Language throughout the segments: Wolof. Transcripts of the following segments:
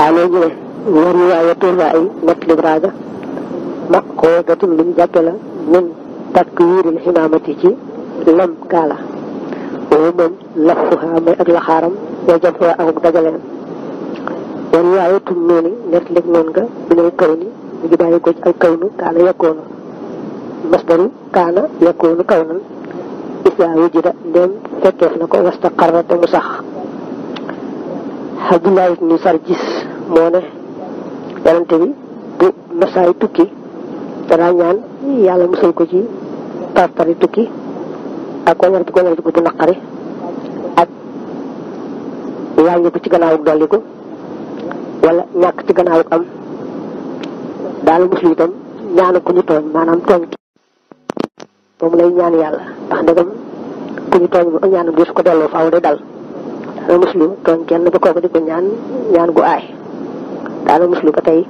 xaale ñu ne war ñu waaye turba ay nett li raaja ma koo datum luñ jàppe la min takwiiril ximaamati ci lam gaala woowu moom lafuha mooy ak laxaaram wa jamxoa akuk war waaye tum nooni nett lig noon nga minal kaw ni mu ngi bàyyi ko ci al kawnu kaana yekkoonu masdaru kaana yekkoonu kaw nan isaa wujida ndem fekkeef na ko wasta xarra te mu sax Abdullah ibnu Sarjis moo ne yonente bi bu masaay tukki danaa ñaan yàlla musal ko ci tartari tukki ak wañar bi wañar bi bu naqari ak wàññi ko ci gannaawuk ko wala ñàkk ci gannaawuk am daal muslu tam ñaanu ku ñu tooñ maanaam tooñ ki moom lay ñaan yàlla ndax ndegam ku ñu tooñ bu ñaanam di su ko delloo faaw day dal dana muslu tooñ kenn ba kooku di ko ñaan ñaan gu aay daana muslu ba tey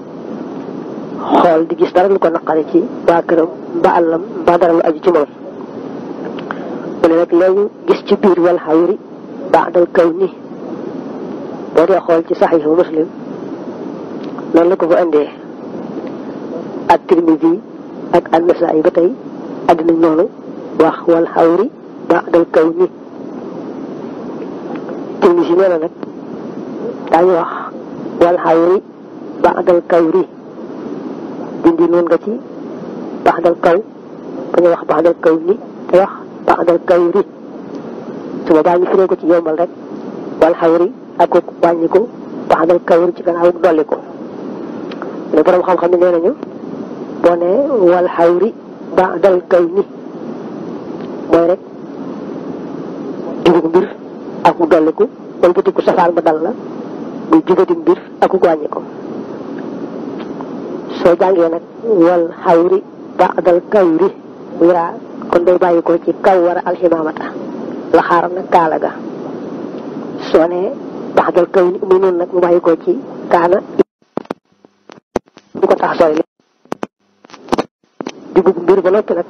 xool di gis dara lu ko naqari ci waa këram ba àllam ba dara lu aju ci moom mu gis ci biir wal xawri baadal kaw ni boo dee xool ci saxiixu muslim noonu la ko fa indee ak tirmidi ak an-nasaa'i ba tey àddina noonu wax wal xawri baadal kaw ni yi nee na nag daañu wax wal xawri baxdal kawri dindi noon nga ci kaw bañu wax baxdal kaw kawri su boobaa ñu firee ko ci yombal rek wal xawri ak ko wàññi ko baxdal kawri ci gannaaw dolli ko ne borom xam-xam ne nee nañu boo ne wal wëlbatiku safaan ba dal la muy jigadi mbir ak wàññi ko soo jàngee nag wal xawri baadal kawri a kaala ga soo nee kawri muy noonu nag mu bàyyi ko ci kaana bu ko tax sori jubub mbir ba noppi nag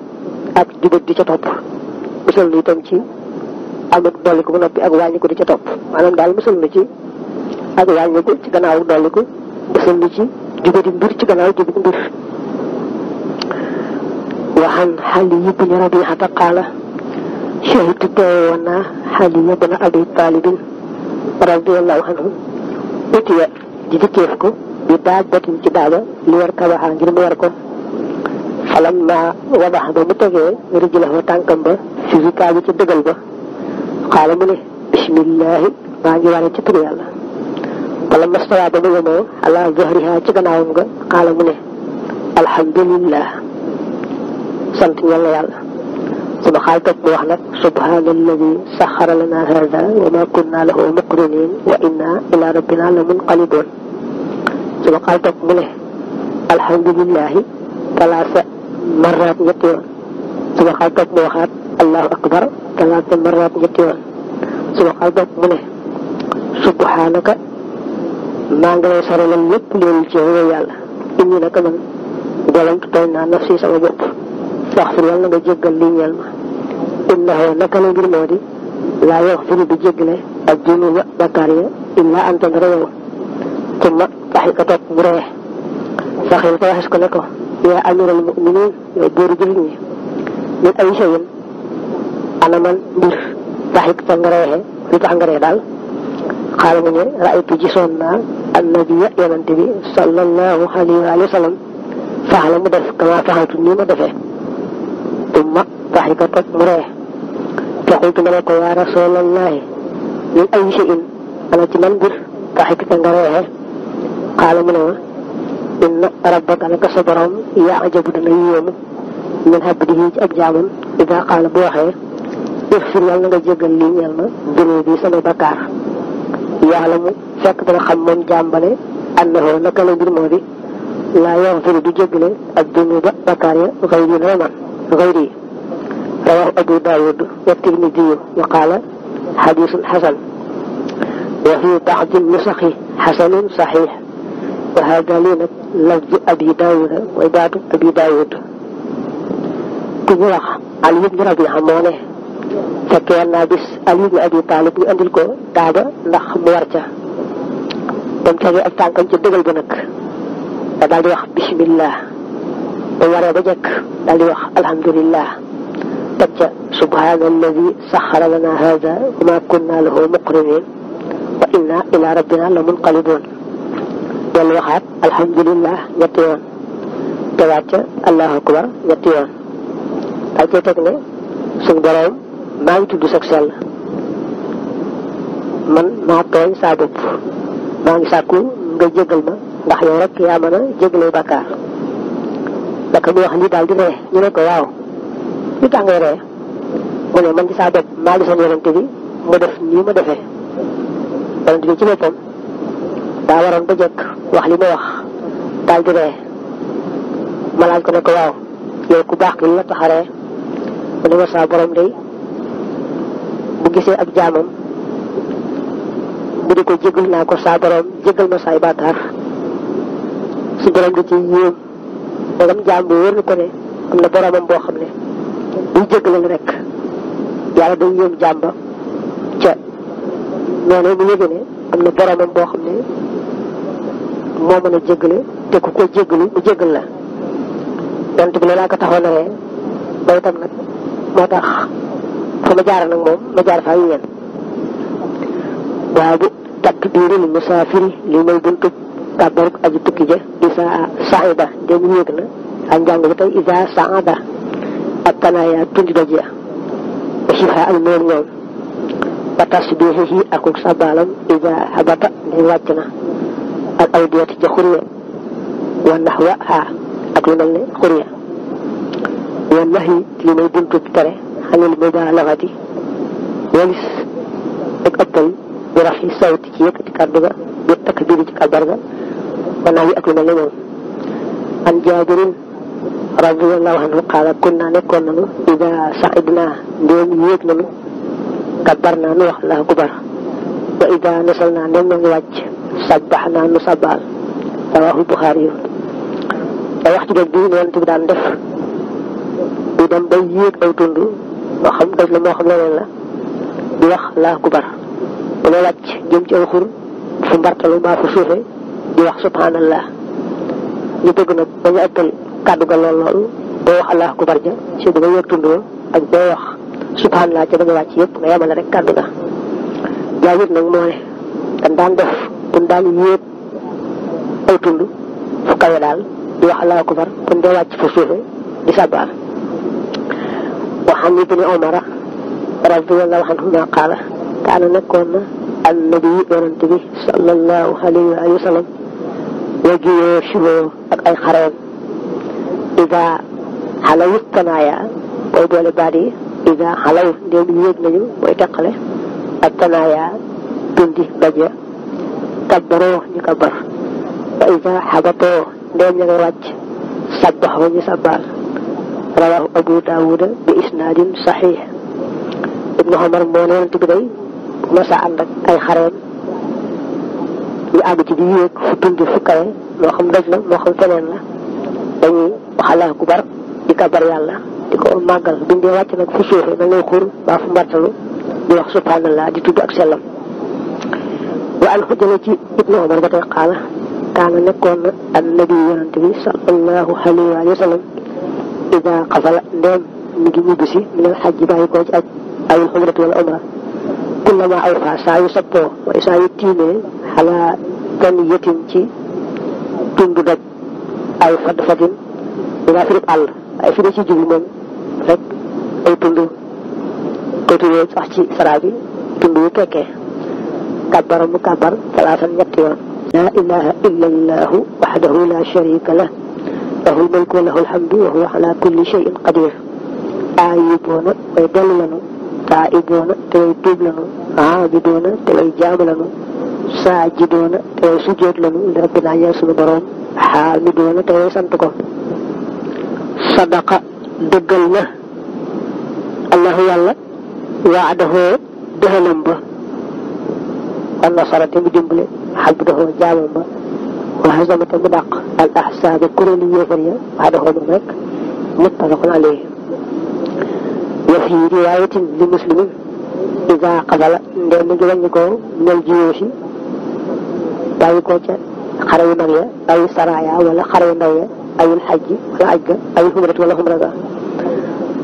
ak jubab di ca topp musal itam ci ak dolliku noppi ak wàññiku di ca topp maanaam daal musal na ci ak wàññiku ci gannaaw dolliku musal na ci jubati mbir ci gannaaw jubati mbir waxaan xali ibni rabiata qaala shahidtu teewoon naa xali ibna abi taalibin radiallahu anhu utiya ji dikkeef ko bi daabatin ci daaba li war kabaxa ngir mu war ko falam ma wadax ba mu tegee rijlahu tànkam ba fi rikaabi ci dëgal ba xaala mu ne bismillaahi maa ngi waane ci turu yàlla wala mastawa ba mu yemoo ala zahriha ci gannaawam nga xaala mu ne alhamdulillah sant ñal na yàlla sama xaal toog mu wax nag subhaanalladi saxara lana hada wa ma kunna lahu muqrinin wa inna ila rabbina la munqaliboon sama xaal toog mu ne alhamdulillahi talaasa marraat ñetti yoon sama xaal toog mu waxaat allahu akbar talaata maraat ñetti yoon su waxal bopp mu ne subhanaka maa ngi lay saralal lépp léegi ci yow yàlla inni naka man dolantu tooñ nafsi sama bopp wax fi yàlla nga jéggal ma innahu naka la ngir moo di laa yaxfiru du junuba bakkaar ya anta ndara yow tumma waxi ko topp ne ko yaa amiral muminin yow bóoru jullit ñi min ay shay'in alamal mbir daxikta nga reexe lu tax nga reex daal xaaral mu ne raaytu gisoon naa annabiya yonante bi sallallahu alayhi wa sallam faxala mu def kama faxaltu nii ma defee tumma daxika toog mu ree faqultu ma ne ko yaa rasulallahi min ay shay'in ana ci man mbir daxikta nga reexe xaaral mu ne ma inna rabbaka naka sa borom yaa ajabu dana yéemu min abdihi ci ab jaamam ida qaala bu waxee def ci yàlla nga jégal lii ñeel ma jënee bi samay bakkaar yàlla mu fekk dana xam moom jàmbale annahu naka la mbir moo di laa yaxfiru du jégale ak jënee ba bakkaar ya xayri dana man xayri rawaahu abu daawud wa tirmidiyu wa qaala xadiisun xasan wa fi ba'di nusaxi xasanun saxiix wa haada lii nag lafzu abi daawuda mooy baatu abi daawud ku ñu wax ali ibn rabiha moo ne fekkee naa gis Ali ibn Abi Taalib ñu andil ko daaba ndax mu war ca dem tege ak tànkam ca dëgal ba nag da daal di wax bismillah ba waree ba njëkk daal di wax alhamdulillah teg ca subhaana alladi saxara lana hada wa ma kunna lahu muqrinin wa inna ila rabbina la munqalibun dellu waxaat alhamdulillah ñetti yoon tegaat ca allahu akbar ñetti yoon daal cee teg ne suñu borom maa ngi tudd sag sell man maa tooñ saa maa ngi sàkku nga jégal ma ndax yow rek yaa mën a jégalee bàkkaar daka mu wax lii daal di ree ñu ne ko waaw lu tax ngay ree mu ne man ci saa bopp maa gisoon yonente bi mu def nii ma defee yonente bi ci boppam daa waroon ba jekk wax li ma wax daal di ree ma laaj ko ne ko waaw yow ku baax ki la tax ree mu ne ma saa borom bu gisee ak jaamam mu di ko jégal naa ko saa borom jégal ma saay bàkkaar su borom da ci yéem magam jaam bu wóor na ko ne am na boromam boo xam ne buy jégalal rek yàlla day yéem jaam ba ca noonu mu na boromam boo xam ne moo mën a jégale te ku ko jégalu mu jégal la yonent bi loolaa ko taxoon na moo tax fa ma jaara nag moom ma jaar fa ak ñeen baabu takbiiril musaafiri li mooy buntu kàbbarug aji tukki ja isa saida dégg yéeg na ak njàng ba tey isa saada ak panaaya tundi doj ya sifa ak moom ñoom ba tasbiixihi akuk sabaalam isa habata ni wàcc na ak aw diyati ja xurya wa naxwa ha ak lu mel ne xurya wa naxi li mooy buntu tere anil mubaalaxati walis ak ëppal bi rafi sawti ci yëkkati kàddu ga bi takbiri ci kàbbar ga wala yi ak lu mel ne moom an jaabirin radiyallahu anhu qaala kunna nekkoon nanu ida saidna ndéem yéeg nanu kabbar naa nu wax laa kubar wa ida nasal naa ndéem nanu wàcc sabbax naa nu sabbaal rawaahu buxaari yu da wax ci dog bi yonent bi daan def bu dem bay yéeg aw tund loo xam doj la moo xam leneen la di wax laa kubar dana wàcc jëm ci alxur fu mbartalu maa fu suufe di wax subhanallah ñu bëgg nag ba ñu àggal kàddu ga lool lool boo wax allah kubar ja ci ba nga tund ak boo wax subhanallah ca ba wàcc yëpp nga yemale rek kàddu ga jaajëf nag moo ne dañ daan def buñ daan yéeg ay tund fu kawe daal di wax allah kubar buñ dee wàcc fu suufe di sàbbaar وحميد بن عمر رضي الله عنهما قال كان نكون النبي ورنتبي صلى الله عليه وآله وسلم وجيه شبه ak ay xareem ida xalaw tanaaya booy boole baat yi ida xalaw ndéem yéeg nañu booy teqale ak tanaaya tundi daje kabbaroo ñu kabbar wa ida xabatoo ndéem ña ngay wàcc sabbaxoo ñu sabbaal rawaahu abu daawuda bi isnaadin saxiix ibnu xomar moo ne yonent bi day masa ànd ak ay xareem yu àgg ci di yéeg fu tund fu kawe moo xam doj la moo xam feneen la dañuy wax allahu akbar di kabar yàlla di ko màggal buñ dee wàcc nag fu suufe na ngay xur baa fu mbartalu di wax subhanallah di tudd ak sellam wa an xujjale ci ibnu xomar ba tey xaala kaana nekkoon na annabi yonent bi sallallahu alayhi wa sallam ida xasala ndeem mi ngi ñibbi si minal xajji bàyyi koo ci aj awil xumrat wala umra kullama aw fa saa yu sappoo mooy saa yu tiimee xalaa tan yetin ci tund daj ay fadd fatin dinaa firib àll ay fi da ci jublu moom rek ay tund koy tuddee sax ci saraa bi tund yu tekkee kàbbara mu kàbbar salaatan ñetti yoon laa ilaha illa allahu waxdahu la sharika lah lahu mulku wa lahu alhamdu wa huwa ala kulli shay'in qadir aayiboona way dellu lanu taa'iboona te way tuub lanu aabidoona te way jaamu lanu saajidoona te way sujjoot lanu li rabbina ñeel sunu boroom xaamidoona te way sant ko sadaqa dëggal na allahu yàlla waadahoo dëxalam ba wa nasara te mu dimbale xabdahoo jaamam ba waaye sama te mu dàq al ahsaaba kuréelu yéefar ya waaye dafa moom rek muttafaqun alayhi wa fi riwaayatin li muslimin idaa xasala ndee mu ngi wàññi ko ñel jiwoo si bàyyi ko ca xare yu mag ya ayu saraya wala xare yu ndaw ya ayul xaj wala aj ga ayul xumrat wala xumra ga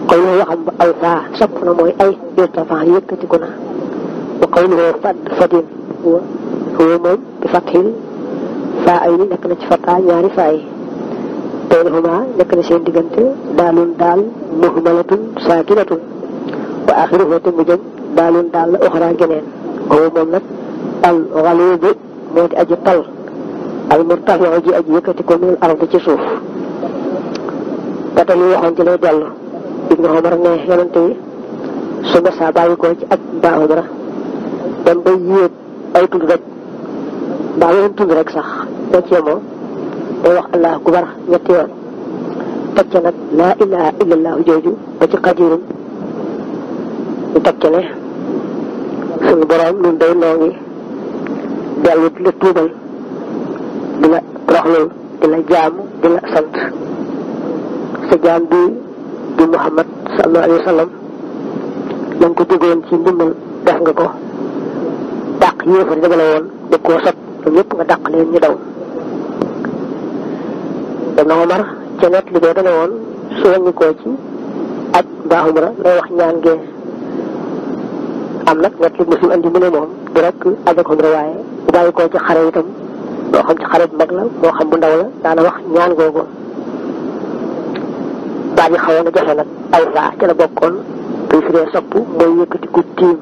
koy lu waxam ba aw saa sopp na mooy ay irtafan yëkkatiku na wa koy lu fad fadin wa huwa moom bi fathil faa ay ni na ci fataa ñaari faay baynahuma nekk na seen diggante daalun daal muhmalatun saakinatun wa axiruhu te mu jëm daalun daal la uxra geneen boobu moom al xaluubu moo di aji tal al murtafiu ji aji yëkkati ko minal ard ci suuf gata li waxoon ci lay dellu ibnu Omar ne yonante yi su ma saa bàyyi ko ci ak mbaa Omar dem ba yéeg ay tund rek mbaa yeneen rek sax boo ci yemoo wax allahu akbar ñetti yoon teg ca nag laa ilaha jooju ba ci xajirum ñu teg ca ne suñu boroom ñun day noo la tuubal di la roxlul di la jaamu di la sant sa jaam bi di muhammad sallallahu alayhi wa sallam da nga ko jógoon ci ndimbal def nga ko dàq yéefar dëgg la woon da koo sot ñëpp nga dàq leen ñu dana Omar ca net li bee dana woon su wàññi koo ci aj mbaa umra lay wax ñaan ngee am nag net li muslim andi mu ne moom du rek aj ak waaye bu bàyyi koo ci xare itam moo xam ci xare bu mag la moo xam bu ndaw la daana wax ñaan googu baat yi xawoon a jafe nag ay saa ca la bokkoon buy firee sopp mooy yëkkati ku tiim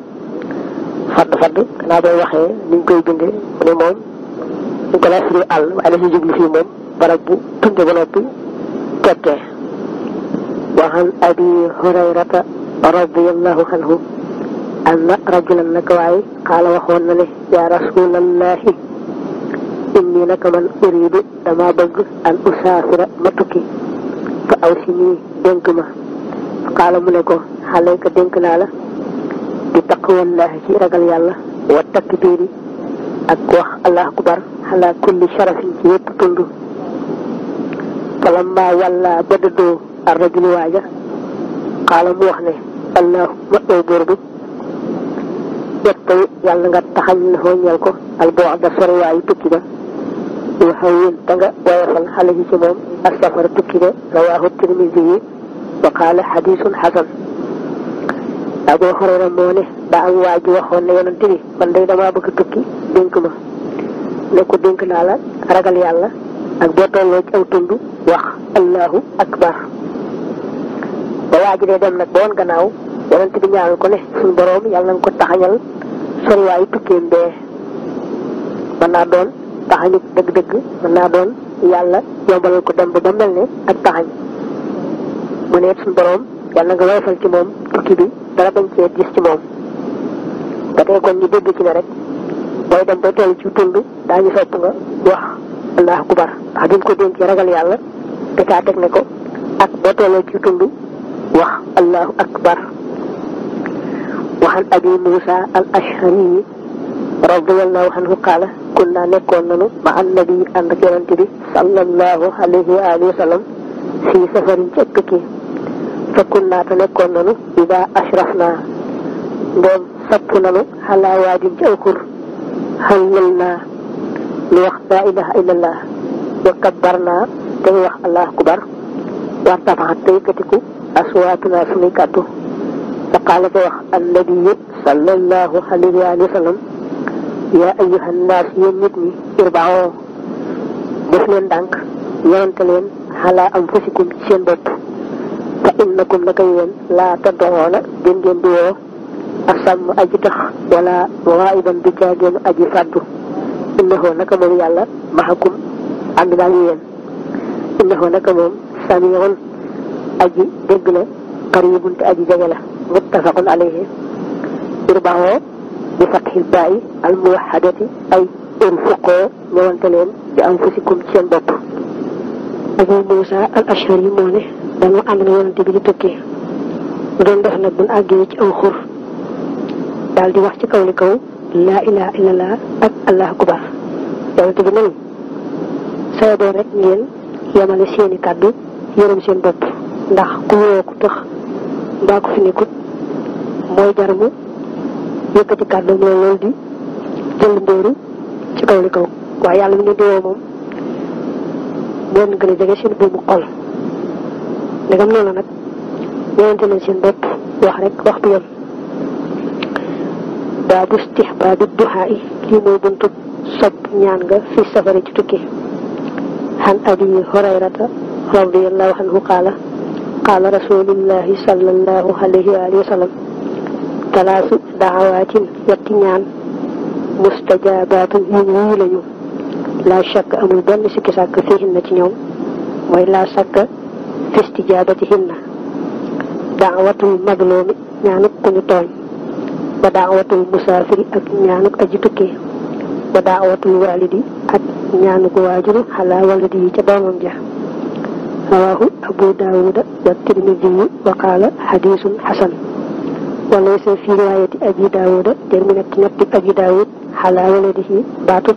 fadd fadd gannaaw booy waxee ni koy bindee mu ne moom ñu ko laa firee àll waaye la si fii moom barab bu tund ba noppi tettee wa abi hurayrata radiallahu anhu anna rajulan naka waaye xaala waxoon na ne yaa rasulallahi inni naka man uridu dama bëgg an usaafira ma tukki fa aw si nii dénk ma xaala mu ne ko xalayka dénk naa la di taqwallahi ci ragal yàlla wa takbiiri ak wax allah akbar ala kulli sharafin ci yépp tund falamma walla ba dëddoo ar rajulu waaja xaala mu wax ne allahumma aw buur bi yettaw yàlla nga taxañ la foo ñeel ko alboxda sorwaayu tukki ba waxawin ta nga woyofal xale yi ci moom ak safara tukki ba rawaahu tirmisi wa qaala xadisun xasan Abu Hurayra moo ne da am waa ji ne yonent bi man day damaa bëgg tukki dénk ma ne ko dénk naa la ragal yàlla ak boo tolloo ci aw tund wax allahu akbar ba waa ji dee dem nag ba woon gannaaw yonent bi ñaanal ko ne suñu boroom yàlla na ko taxañal solwaayu tukkeem bee mën naa doon taxañu dëgg-dëgg mën naa doon yàlla yombalal ko dem ba ba mel ne ak taxañ mu ne suñu boroom yàlla nga woyofal ci moom tukki bi dara bañ cee gis ci moom ba tey kon ñu dégg ci ne rek booy dem ba toll ci tund daañu sopp nga wax allahu akbar ndax bi mu ko dénkee ragal yàlla da caa teg ak boo tolloo ci tund wax allahu akbar waxan abi muusa al ashhari radiyallahu anhu qaala kunna nekkoon nanu ma annabi ànd ak yonent bi sallallahu alayhi wa sallam si safarin ci ëpp ki fa kunna te nekkoon nanu ida ashrafna ndoom sapp nanu xalaa waadin ci aw xur xallal li wax laa ilaha illallah wa kabbarna te ñu wax allah akbar wartafaxat te yëkkatiku aswaatuna suñuy kàddu fa qaala ba wax alladi yëpp sallallahu alayhi wa sallam yaa ayyuha nnaas yéen nit ñi irbao def leen ndànk yonante leen xalaa am seen bopp fa innakum naka yéen laa taddoxoona gën ngeen di woo asam aji tax wala waayiban du caa aji fàddu innahu naka moom yàlla maxakum ànd naa ngi yéen innahu naka moom samiun aji dégg la qaribun te aji jege la muttafaqun alayhi irbaxoo bi fatxil baayi al muwaxadati ay infiqoo ñëwante leen bi anfusikum ci seen bopp Abu Muusa al Ashari yi moo ne dañoo ànd na yonante bi di tukki mu doon nag buñ àggee ci aw xur daal di wax ci kaw li kaw laa ilaha illallah ak allahu akbar yonent bi nag soo rek ngeen yemale seeni kàddu yërëm seen bopp ndax ku woo ku tëx mbaa ko fi nekkut mooy jar mu yëkkati kàddu mooy loolu di jël mbóoru ci kaw li kaw waaye yàlla mi ne di woo moom moo gën a jege seen buumu xol ndegam noonu nag ñëwante leen seen bopp wax rek wax bi yoon baabu istihbaabi duhaa yi lii mooy buntub sopp ñaan nga fi safari ci tukki an abi hurayrata radiallahu anhu qaala qaala rasulillahi sallallahu alayhi wa alihi wa sallam talaasu daawaatin ñetti ñaan mustajabaatan yu ñuy lañu laa shakk amul benn sikki sàkk fi hinna ci ñoom mooy laa shakk fi istijaabati hinna daawatul magloomi ñaanuk ku ñu tooñ ba daawatul musaafiri ak ñaanuk aji tukki wa daawatul walidi ak ñaanu ko waajur xalaa walidi yi ca doomam ja rawaahu abu daawuda wa tirmidi wa qaala xadiisun xasan walaysa fi riwaayati abi daawuda der mi nekk ci ñetti abi daawud xalaa waladihi baatub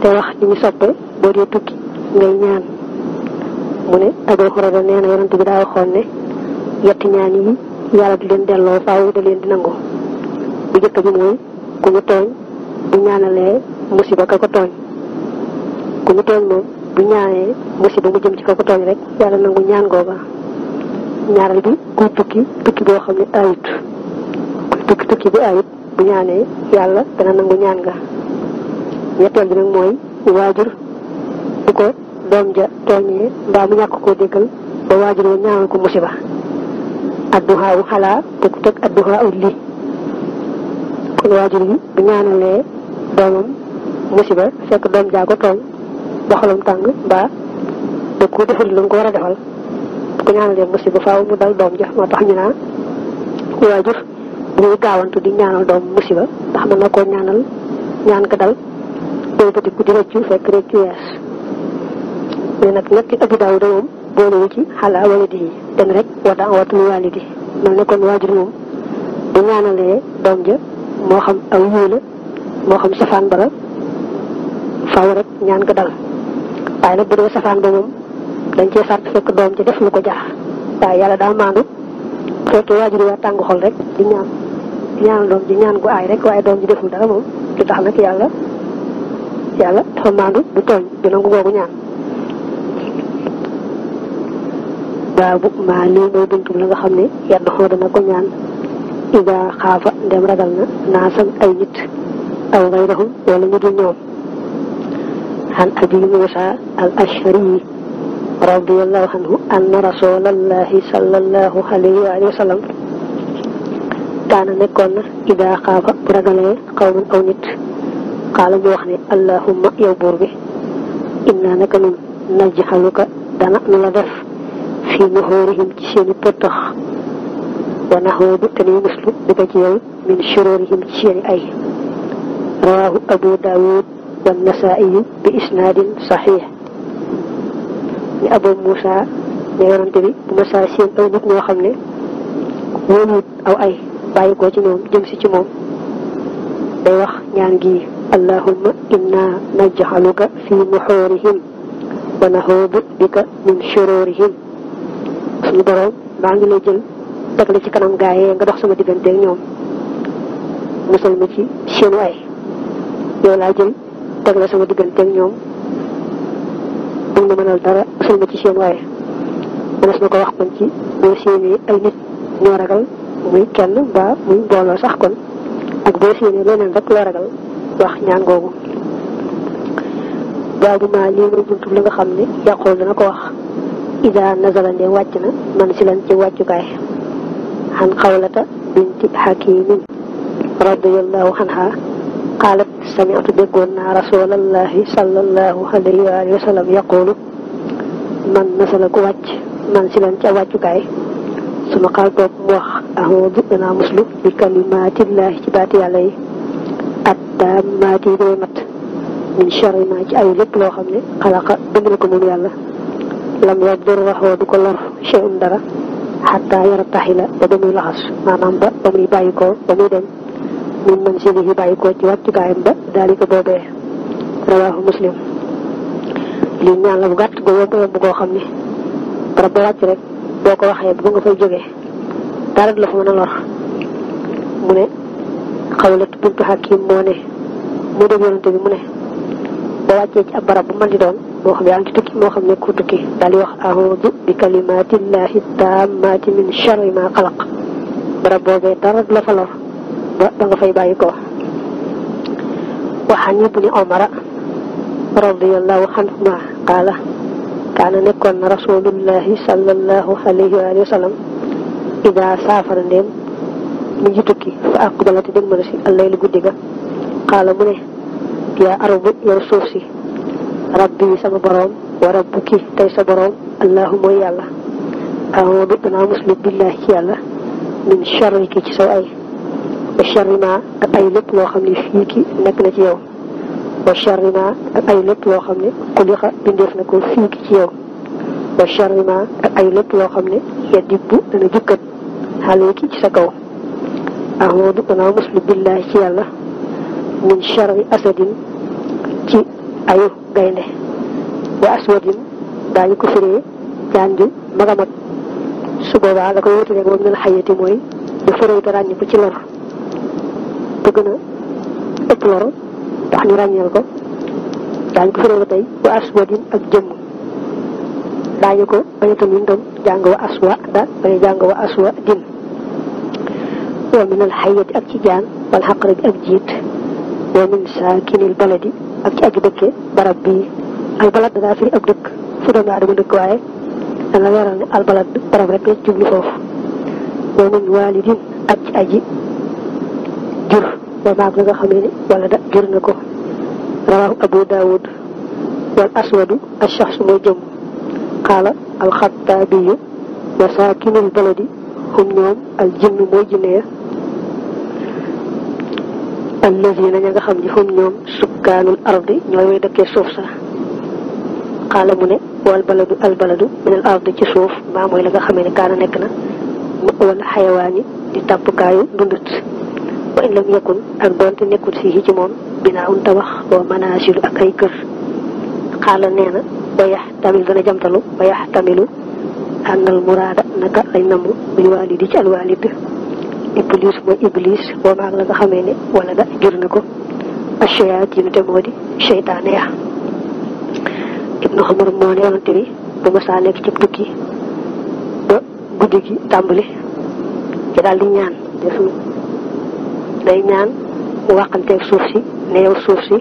te wax ni ñu soppe boo dee tukki ngay ñaan mu ne Abu Hurayra nee na yonent bi daa waxoon ne yetti ñaan yi yàlla du leen delloo faaw da leen di nangu njëkk bi mooy ku ñu tooñ bu ñaanalee musiba ko bu ñaanee musiba mu jëm ci ka ko tooñ rek yàlla nangu ñaan googa ñaaral bi kuy tukki tukki boo xam ne ayut kuy tukki tukki bu ayut bu ñaanee yàlla dana nangu ñaan nga ñetteel bi nag mooy waajur bu ko doom ja tooñee mbaa mu ñàkk koo déggal ba waajur wa ñaanal ko musiba adduhaawu xalaa te ku teg adduhaawu lii xaqul waajur yi bu ñaanalee doomam musiba fekk doom jaa ko tooñ ba xolam tàng mbaa de ko defal lu ko war a defal bu ko ñaanalee musiba faaw mu dal doom ja moo tax ñu naa waajur muy gaawantu di ñaanal doom musiba ndax mën na koo ñaanal ñaan ka dal boobu di ko di rëccu fekk rëccu yees ne nag ñetti Abu Daawuda ci xalaa wala di den rek wada waajur moom bu ñaanalee doom ja moo xam aw yiw la moo xam safaan ba la faaw rek ñaan nga dal waaye nag bu dee safaan ba moom dañ cee sart fekk doom ci def lu ko jaax waaye yàlla daa maandu bu fekkee waajur waa tàng xol rek di ñaan di ji ñaan gu ay rek waaye doom ji deful dara moom du tax nag yàlla yàlla dafa maandu du tooñ du nangu googu ñaan baabu maa lii mooy buntu la nga xam ne yàlla xoo dana ko ñaan ida xaafa ndem ragal na naasan ay nit aw gayrahum wala ñu dul ñoom an abi musa al ashari radiallahu anhu anna rasulallahi sallallahu alayhi wa alihi wa sallam kaana nekkoon na ida xaafa bu ragalee xawman aw nit xaala mu wax ne allahumma yow buur bi inna naka nun najxaluka dana nu la def fi nuxóorihim ci seeni pëttax wa naxoo bu te ne muslim bu ci yow min shururihim ci seen rawaahu abu daawud wa nasaa'iyu bi isnaadin saxiix ni abu muusa ne yonante bi bu ma saa aw nit ñoo xam ne wóoluwut aw ay bàyyi ko ci moom jëm ci moom day wax ñaan gi allahumma inna najxaluka fi nuxuurihim wa naxoobu bika min shururihim maa ngi lay jël teg la ci kanam gaa yee nga dox sama diggante ak ñoom musal ma ci seenu ay yow laa jël teg la sama diggante ak ñoom buñ nga mënal dara musal ma ci seenu ay mënees na ko wax kon ci boo séenee ay nit ñoo ragal muy kenn ba muy mbooloo sax kon ak boo séenee leneen rek loo ragal wax ñaan googu baabu maa lii mooy buntu li nga xam ne yàqool dana ko wax ida nazala nde wàcc na man si lan ci wàccukaay an xawlata binti xakimin radiallahu anha qaalat sami'tu déggoon naa rasulallahi sallallahu alayhi wa alihi wa sallam yaqulu man nasala ku wàcc man si leen ca wàccukaay suma xaal toog mu wax ahodu danaa muslu bi kalimaatillahi ci baati yàlla yi attaam maati yi day mat min sharri ma ci ayu lépp loo xam ne xalaqa bind na ko moom yàlla lam yadurrahu du ko lor shay'un dara xataa yara taxila ba ba muy laxas maanaam ba ba muy bàyyi ko ba muy dem min man si ko ci wàccukaayam la bu gàtt koo xam ne barab ba ko waxee ba nga la fa mën ne xawlat buntu xakim moo ne mu dem yonante wàccee ci ab barab bu mën di doon moo xam yaa ngi tukki moo xam ne ku tukki daal di wax a'udhu bi min sharri ma xalaq barab boobee dara la fa lor ba da nga fay bàyyi ko waxaan ibni omara radiyallahu anhuma qaala kaana nekkoon na rasulullahi sallallahu alayhi wa alihi wa sallam ida saafara ndéem mu ngi tukki fa aqbalati dégg mën a si allaylu guddi ga mu ne yaa arabu yow suuf rabbi sama boroom wa rabbuki tey sa boroom allahu mooy yàlla aawdu danaa muslim billahi ci yàlla min sharri ci saw ay wa sharri ma ak ay lépp loo xam ne na ci yow wa sharri ma ak ay lépp loo xam ne xuliqa bindeef na xam ne yadibbu dana jukkat xale ki ci sa kaw aawdu danaa muslim billahi ci yàlla min sharri asadin ayu gaynde wa aswadin daañu ko firee jaan ju mag a mag su boobaa la ko wóotalee moom nal xayati mooy dafa rëy te ràññi ci lor te na a ëpp lor ndax ñu ràññeel ko daañu ko firee tey wa aswadin ak jëmm daañu ko bañ a tamit doom jàng wa aswa da bañ a jàng wa aswa din wa minal xayati ak ci jaan wal xaqra bi ak jiit wa min saakinil baladi ak ci aji dëkke barab bii albalad danaa firi ab dëkk fu doomu aadama dëkk waaye dana leeral ne albalad barab rek la foofu wa min jur nga xamee ne wala da jur na ko rawaahu abu daawud wal aswadu ash-shakhs mooy jëm qaala alxattaabiyu wa saakinul baladi hum ñoom al jinnu mooy jinne alladina ña nga xam ne hum ñoom sukkaanul ardi ñooy way dëkkee suuf sa xaala ne wal baladu min ardi ci suuf maa mooy la nga xamee ne kaana nekk na ma wala xayawaan yi di tàppkaayu dundut wa in lam yakun ak doonte nekkul si ci moom binaawun tabax wa manasilu ak ay kër xaala nee na wa yax tamil dana jamtalu wa yax tamilu ànnal muraada naka lañ namm bil waalidi ci alwaalid iblis mooy iblis booba ak la nga xame ne wala da jur na ko ashayaatinu te moo di seytaane ya ibnu xamar moo ne yonante bi bu ma saa nekk ci tukki ba guddi gi tàmbali ci di ñaan day ñaan waxanteeg suuf si ne yow suuf si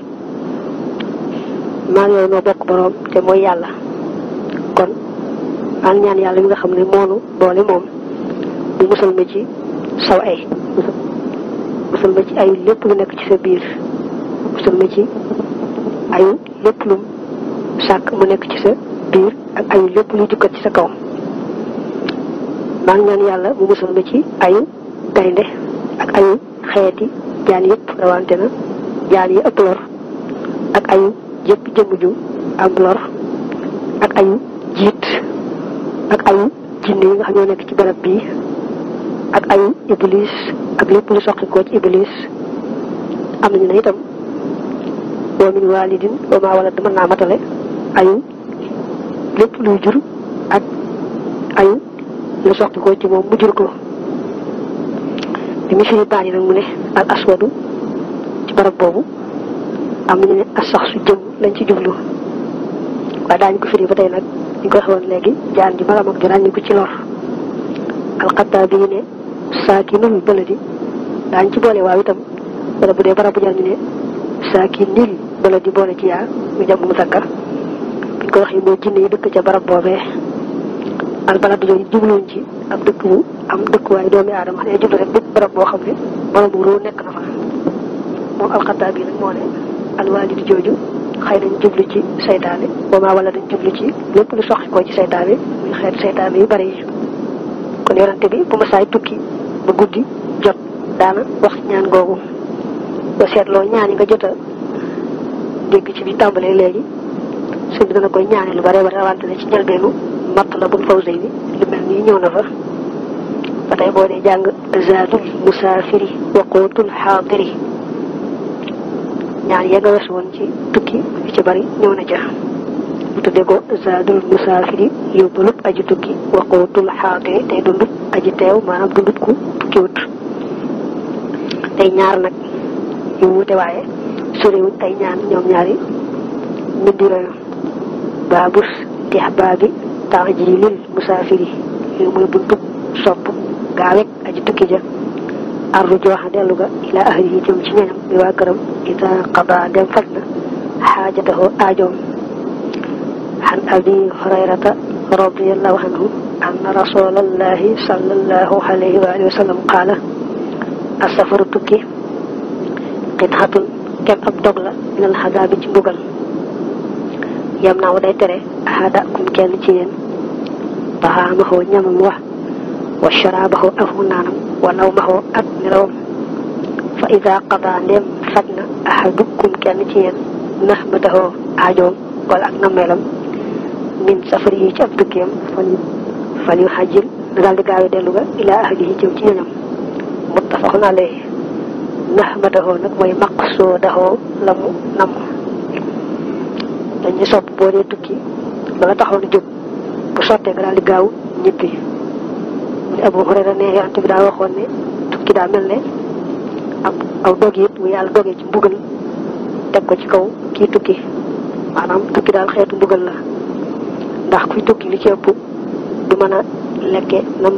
maa ngi noo bokk boroom te mooy yàlla kon maa ngi ñaan yàlla nga xam ne moonu boole moom bu musal ma ci saw ay musal ma ci ayu lépp lu nekk ci sa biir musal ma ci ayu lépp lu sàkk mu nekk ci sa biir ak ayu lépp luy dikkat ci sa kaw maa ngi ñaan yàlla mu musal ma ci ayu gaynde ak ayu xeeti jaan yépp rawante na jaan yi ëpp lor ak ayu jëpp jëmm ju am ak ayu jiit ak ayu jinne yi nga xam ñoo nekk ci barab bii ak ayu iblis ak lépp lu soqi ko ci iblis am nañu ne itam wa min walidin wa ma naa matale ayu lépp luy jur ak ayu lu soqi ko ci moom mu jur ko li mu firi baat yi ne al aswadu ci boobu am nañu ne as sax su jëm lañ ci jublu waaye daañu ko firi ba tey nag ñu ko waxoon léegi jaan ji mag a mag ko ci lor alxataa bi ne saakinul baladi daañ ci boole waaw itam wala bu dee barab bu jar ñu ne saakinil baladi boole ci yaa mu jàmm mu sakkar bi ko waxee mooy jinne yi dëkk ca barab boobee al baladu yooyu ci ab dëkk bu am dëkkuwaay doomi aadama day jublu rek bépp barab boo xam ne borom bu roo nekk na fa moom alxataa nag moo ne alwaalidu jooju xëy nañ jublu ci saytaane boomaa wala dañ jublu ci lépp lu soxikoo ci saytaane muy xeet saytaane yu bari yi ba guddi jot daana wax ñaan googu ba seetloo ñaan yi nga jot a dégg ci bi tàmbalee léegi sëñ bi dana koy ñaane lu bare bare rawante ne ci njëlbeenu matt la buñ faw sëy bi lu mel nii ñëw na fa ba tey boo dee jàng zaadul musaafiri waqootul xaadiri ñaan ya nga wees woon ci tukki yu ci bari ñëw na ca tudde ko zaadul musaafiri yóbbalub aji tukki waqootul xaade tey dundub aji teew maanaam dundub ku tukkiwut tey ñaar nag yu wuute waaye soriwut ay ñaar ñoom ñaari mbindi yooyu baabus tix baabi taajilil musaafiri yooyu mooy buntub sopp gaawek aji tukki ja arru jooxa dellu ga ilaa ahlihi jëm ci ñañam bi waa këram ita qada dem faj na xaajataxoo aajoom an abi hurayrata radiallahu anhu anna rasulallahi sallallahu alayhi wa alihi wa sallam qaala asafaru tukki qitxatun kenn ab dog la minal xadaabi ci mbugal yam naa day tere ahada kum kenn ci yéen taxaamaxoo ñamam wax wa sharaabaxoo afu naanam wa nawmaxoo ak nelawam fa ida qadaa ndeem faj na ahadu kum kenn ci yéen naxmataxoo aajoom wala ak nammeelam min safari yi ci ab tukkeem fal fal yu xajil na daal di dellu ga ilaa ahlihi jëm ci ñoñam muttafaqun alayhi nahmadahu nag mooy maqsudahu la mu nam dañuy sopp boo dee tukki ba nga taxoon jóg bu sottee nga daal gaaw ñibbi mu ne Abu Hurayra bi daa waxoon ne tukki daal mel ne ab aw dog it mu yàlla dogee ci mbugal teg ko ci kaw kii tukki maanaam tukki daal xeetu mbugal la ndax kuy tukki li ci ëpp du mën a lekke na mu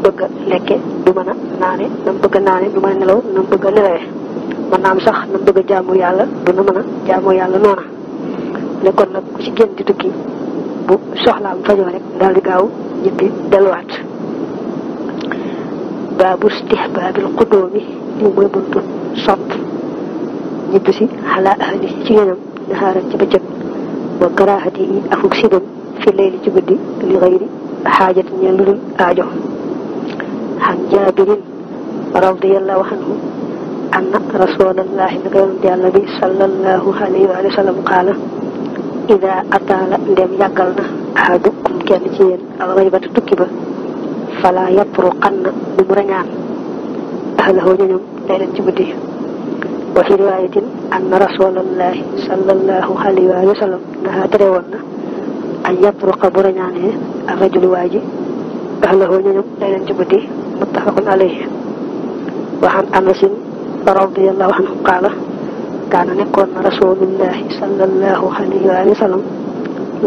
lekke du mën a naane na mu naane du mën a nelaw na mu bëgg a naa am sax na mu bëgg a jaamu yàlla duna mën a jaamu yàlla noona ne kon nag ku ci génn di tukki bu soxlaam fajoo rek daal di gaaw ñibbi delluwaat baabu istihbaabil qudoomi li mooy buntu sopp ñibbi si xalaa ahli ci yoonam naxaaral ci bëccëg wa karaahati yi afuk sibam fi layli ci guddi li xëyri xaajat ñeen lu dul aajo xan jaabirin radiallahu anhu anna rasulallahi naka yonent yàlla bi sallallahu alayhi wa sallam qaala ida ataala ndem yàggal na ahadukum kenn ci yéen alxaybata tukki ba fala yatruqanna bu mu rañaan ahlahu ñoñom laylan ci guddi wa fi riwayatin anna rasulallahi sallallahu alayhi wa sallam naha tere woon na an yatruqa bu rañaanee rajulu waa ji ahlahu ñoñom day leen ci guddi muttafaqun alayhi wa an anasin radiyallahu anhu qaala kaana nekkoon na rasulullahi sallallahu alayhi wa alihi wa sallam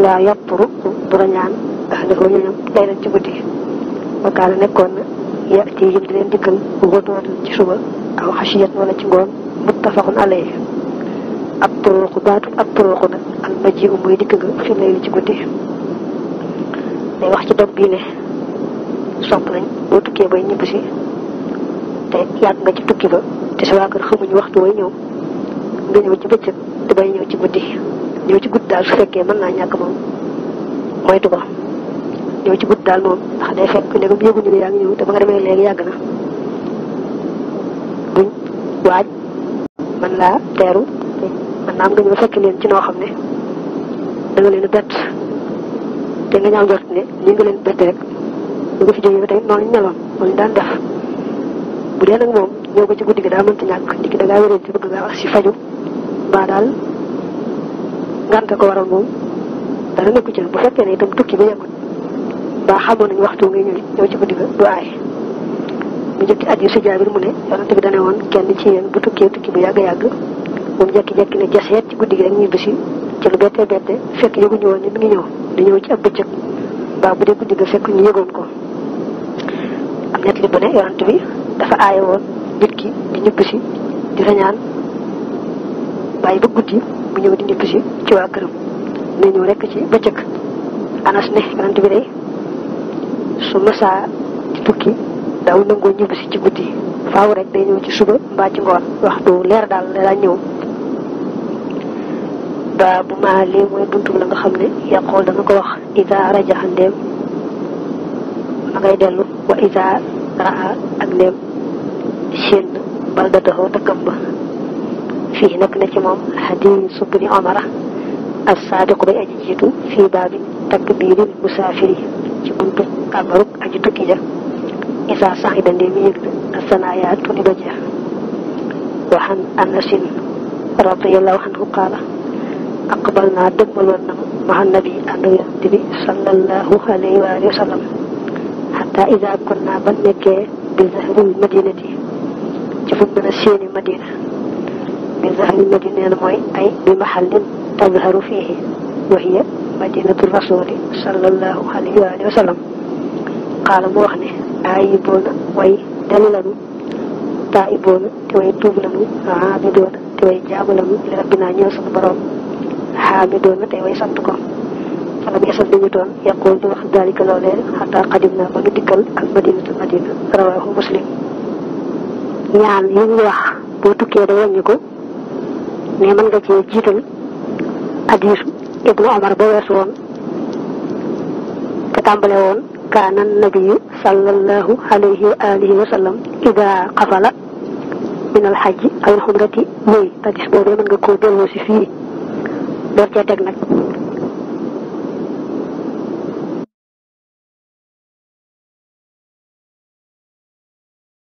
laa yatruqu du rañaan ahlahu ñoñom day leen ci guddi wa kaana nekkoon na ya'tihim di leen dikkal gudootan ci suba aw xasiyat wala ci ngoon muttafaqun alayhi ab toroxu baatu ab toroxu nag al maji u mooy dikk nga fi lay li ci guddi day wax ci dog bii ne sopp nañ boo tukkee bay si te yàgg nga ci tukki ba te sa waa kër xamuñu waxtu way ñëw nga ñëw ci bëccëg damay ñëw ci guddi ñëw ci guddi daal su fekkee mën naa ñàkk moom moytu ko ñëw ci guddi daal moom ndax day fekk ndegam yëguñu ne yaa ñëw te ba nga demee léegi yàgg na buñ waaj man laa teeru naam nga ñëw fekk leen ci noo xam ne da nga leen bett te nga ñaaw njort ne ni nga leen bett rek ñu nga fi jógee ba noonu ñu meloon noonu ñu bu dee nag moom ñëw ko ci guddi gi daa mënta ñàkk ndiki da ngaa wérén ci bëgg ngaa wax si faju mbaa daal ngànte ko waral moom dara nekku ci bu fekkee ne itam tukki bi yekkut mbaa xamoon nañu waxtu ngay ñëw ñëw ci guddi ga du aay mu njëkk at yi si jaabir mu ne te bi dane woon kenn ci yéen bu tukkee tukki bu yàgg-yàgg moom jekki-jekki ne jaseet ci guddi gi rek ñuy bisi ci lu bettee bette fekk yëguñu woon ne mi ngi ñëw di ñëw ci ab bëccëg baa bu dee guddi fekk ñu yëgoon ko am bi dafa aaye woon nit ki di ñibbisi di rañaan bàyyi ba guddi bu ñëw di ñibbisi ci waa këram ne ñëw rekk ci bëccëg anas ne yonent bi day su masaa di tukki daaw nangoo ñibbisi ci guddi faaw rek day ñëw ci suba mbaa ci ngoon waxtu leer daal la ñëw baabu maa lii mooy buntu la nga xam ne yàqool dana ko wax isa rajaxa ndéem ma ngay dellu wa isa raa ak ndéem seen balda taxoo takkam ba fii nag na ci moom xadiisu bni omara as saadiqu bay aji jiitu fii baabi takk biiril musaafiri ci buntu kàbbaruk aji tukki ja isa sax i dande mi yëg asanaayaa tuni ba jeex waxan anasin radiallahu anhu qaala aqbal naa dëgmal woon nag maha nabi ànd ak yonent bi sallallahu alayhi wa alihi wa sallam xata ida kon naa ba nekkee bi zahril madinati ci fu mën a séeni madina bi zahril madina nee na mooy ay bi mahallin tazharu fiihi wa hiya madinatu rasuli sallallahu alayhi wa alihi wa sallam xaala mu wax ne aayiboona way dali lanu taayiboona te way tuub lanu aabidoona te way jaamu lanu li rabbinaa ñëw suñu borom xaamidoon na way sant ko falam yasal dëwutoon yaqul wax daalika loolee xataa xadim na ba ñu dikkal ak rawaahu muslim ñaan yu ñu wax boo tukkee da wàññi ko mais mën nga cee jiital hadiis ibnu omar ba wees woon te tàmbale woon kaana nabiyu sallallahu alayhi wa alihi wa sallam ida xafala min alxajji aw alxumrati muy hadiis boobee mën nga koo delloo si fii door cee teg nag